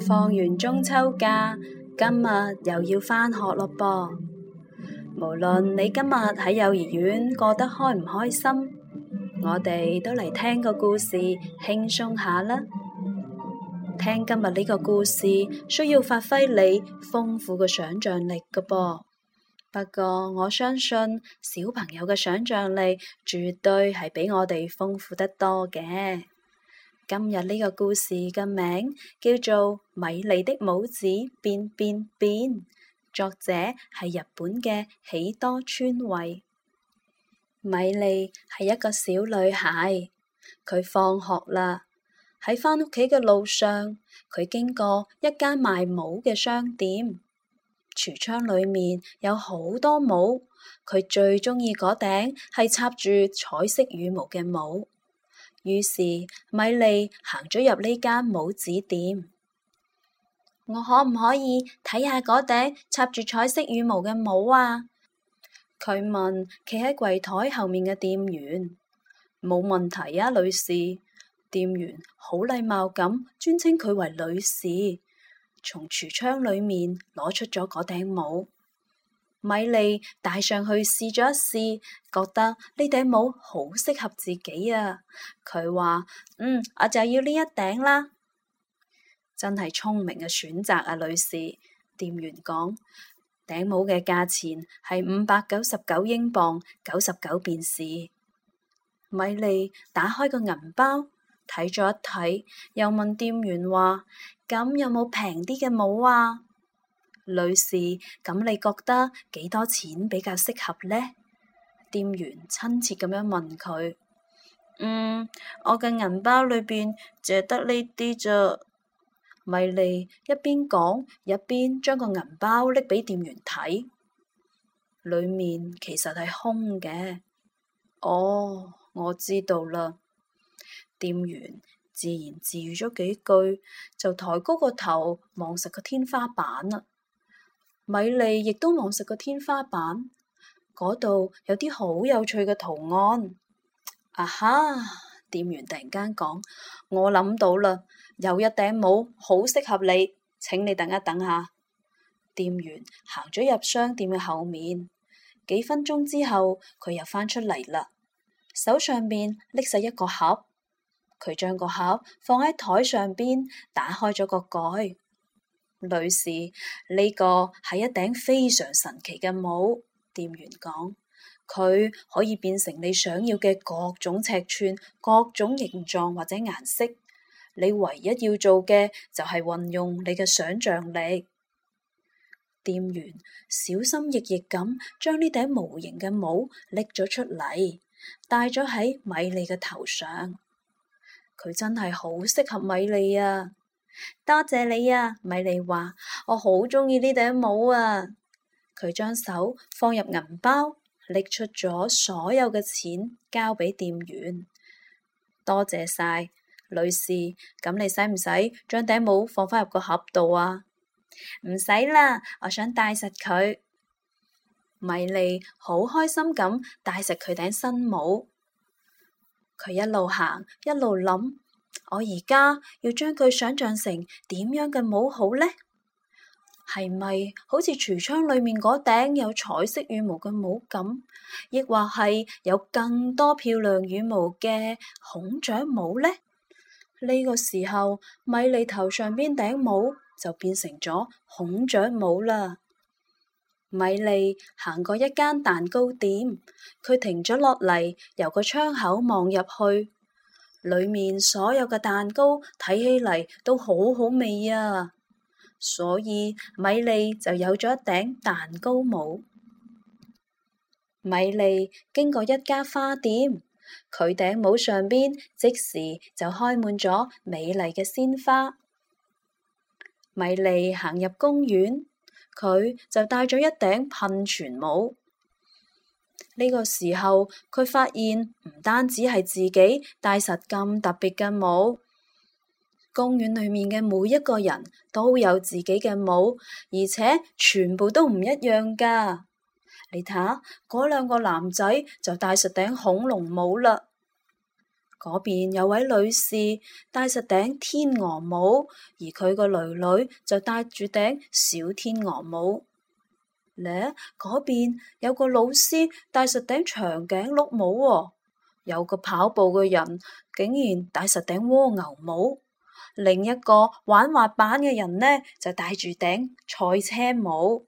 放完中秋假，今日又要翻學咯噃！無論你今日喺幼兒園過得開唔開心，我哋都嚟聽個故事，輕鬆下啦。聽今日呢個故事，需要發揮你豐富嘅想象力㗎噃。不過我相信小朋友嘅想象力絕對係比我哋豐富得多嘅。今日呢個故事嘅名叫做《米莉的帽子變變變》，作者係日本嘅喜多村惠。米莉係一個小女孩，佢放學啦，喺返屋企嘅路上，佢經過一間賣帽嘅商店，櫥窗裏面有好多帽，佢最中意嗰頂係插住彩色羽毛嘅帽。於是米莉行咗入呢間帽子店。我可唔可以睇下嗰頂插住彩色羽毛嘅帽啊？佢問企喺櫃台後面嘅店員。冇問題啊，女士。店員好禮貌咁，尊稱佢為女士，從櫥窗裏面攞出咗嗰頂帽。米莉戴上去試咗一試，覺得呢頂帽好適合自己啊！佢話：嗯，我就要呢一頂啦。真係聰明嘅選擇啊，女士！店員講：頂帽嘅價錢係五百九十九英鎊，九十九便士。米莉打開個銀包睇咗一睇，又問店員話：咁有冇平啲嘅帽啊？女士，咁你覺得幾多錢比較適合呢？店員親切咁樣問佢。嗯，我嘅銀包裏邊就得呢啲咋。米莉一邊講，一邊將個銀包拎俾店員睇，裏面其實係空嘅。哦，我知道啦。店員自言自語咗幾句，就抬高個頭望實個天花板啦。米莉亦都望實個天花板，嗰度有啲好有趣嘅圖案。啊哈！店員突然間講：我諗到啦，有一頂帽好適合你，請你等一等下。店員行咗入商店嘅後面，幾分鐘之後，佢又返出嚟啦，手上面拎晒一個盒，佢將個盒放喺台上邊，打開咗個蓋。女士，呢個係一頂非常神奇嘅帽。店員講，佢可以變成你想要嘅各種尺寸、各種形狀或者顏色。你唯一要做嘅就係運用你嘅想象力。店員小心翼翼咁將呢頂無形嘅帽拎咗出嚟，戴咗喺米莉嘅頭上。佢真係好適合米莉啊！多謝你啊，米莉話，我好鍾意呢頂帽啊！佢將手放入銀包，拎出咗所有嘅錢交俾店員。多謝晒，女士。咁你使唔使將頂帽放返入個盒度啊？唔使啦，我想戴實佢。米莉好開心咁戴實佢頂新帽。佢一路行，一路諗。我而家要將佢想象成點樣嘅帽好呢？係咪好似櫥窗裏面嗰頂有彩色羽毛嘅帽咁？亦或係有更多漂亮羽毛嘅孔雀帽呢？呢個時候，米莉頭上邊頂帽就變成咗孔雀帽啦。米莉行過一間蛋糕店，佢停咗落嚟，由個窗口望入去。裏面所有嘅蛋糕睇起嚟都好好味啊，所以米莉就有咗一頂蛋糕帽。米莉經過一家花店，佢頂帽上邊即時就開滿咗美麗嘅鮮花。米莉行入公園，佢就戴咗一頂噴泉帽。呢個時候，佢發現唔單止係自己戴實咁特別嘅帽，公園裏面嘅每一個人都有自己嘅帽，而且全部都唔一樣㗎。你睇下，嗰兩個男仔就戴實頂恐龍帽啦，嗰邊有位女士戴實頂天鵝帽，而佢個女女就戴住頂小天鵝帽。咧，嗰、啊、邊有個老師戴實頂長頸鹿帽，哦，有個跑步嘅人竟然戴實頂蝸牛帽，另一個玩滑板嘅人呢就戴住頂賽車帽。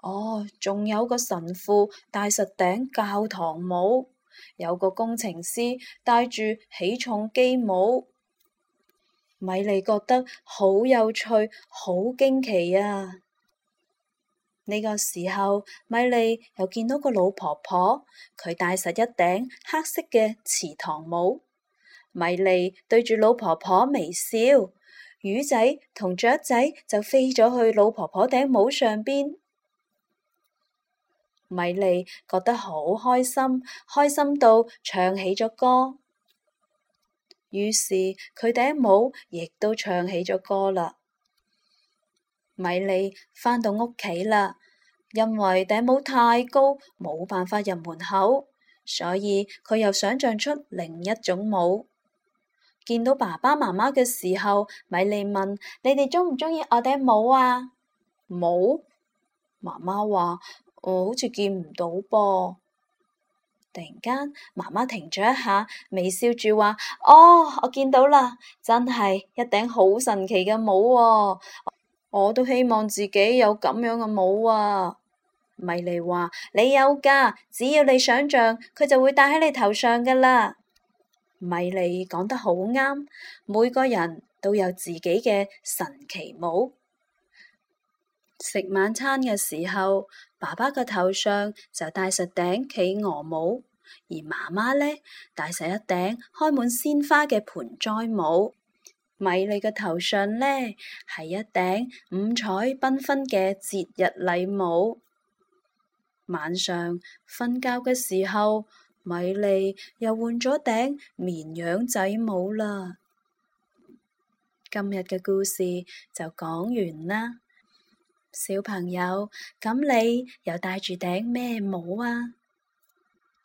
哦，仲有個神父戴實頂教堂帽，有個工程師戴住起重機帽。米莉覺得好有趣，好驚奇啊！呢個時候，米莉又見到個老婆婆，佢戴實一頂黑色嘅池塘帽。米莉對住老婆婆微笑，魚仔同雀仔就飛咗去老婆婆頂帽上邊。米莉覺得好開心，開心到唱起咗歌。於是佢頂帽亦都唱起咗歌啦。米莉返到屋企啦，因為頂帽太高，冇辦法入門口，所以佢又想象出另一種帽。見到爸爸媽媽嘅時候，米莉問：你哋鍾唔鍾意我頂帽啊？帽？媽媽話：我好似見唔到噃。突然間，媽媽停咗一下，微笑住話：哦，我見到啦，真係一頂好神奇嘅帽哦、啊。我都希望自己有咁樣嘅帽啊！米莉話：你有噶，只要你想象佢就會戴喺你頭上噶啦。米莉講得好啱，每個人都有自己嘅神奇帽。食晚餐嘅時候，爸爸嘅頭上就戴實頂企鵝帽，而媽媽呢，戴實一頂開滿鮮花嘅盆栽帽。米莉嘅頭上呢，係一頂五彩繽紛嘅節日禮帽。晚上瞓覺嘅時候，米莉又換咗頂綿羊仔帽啦。今日嘅故事就講完啦，小朋友，咁你又戴住頂咩帽啊？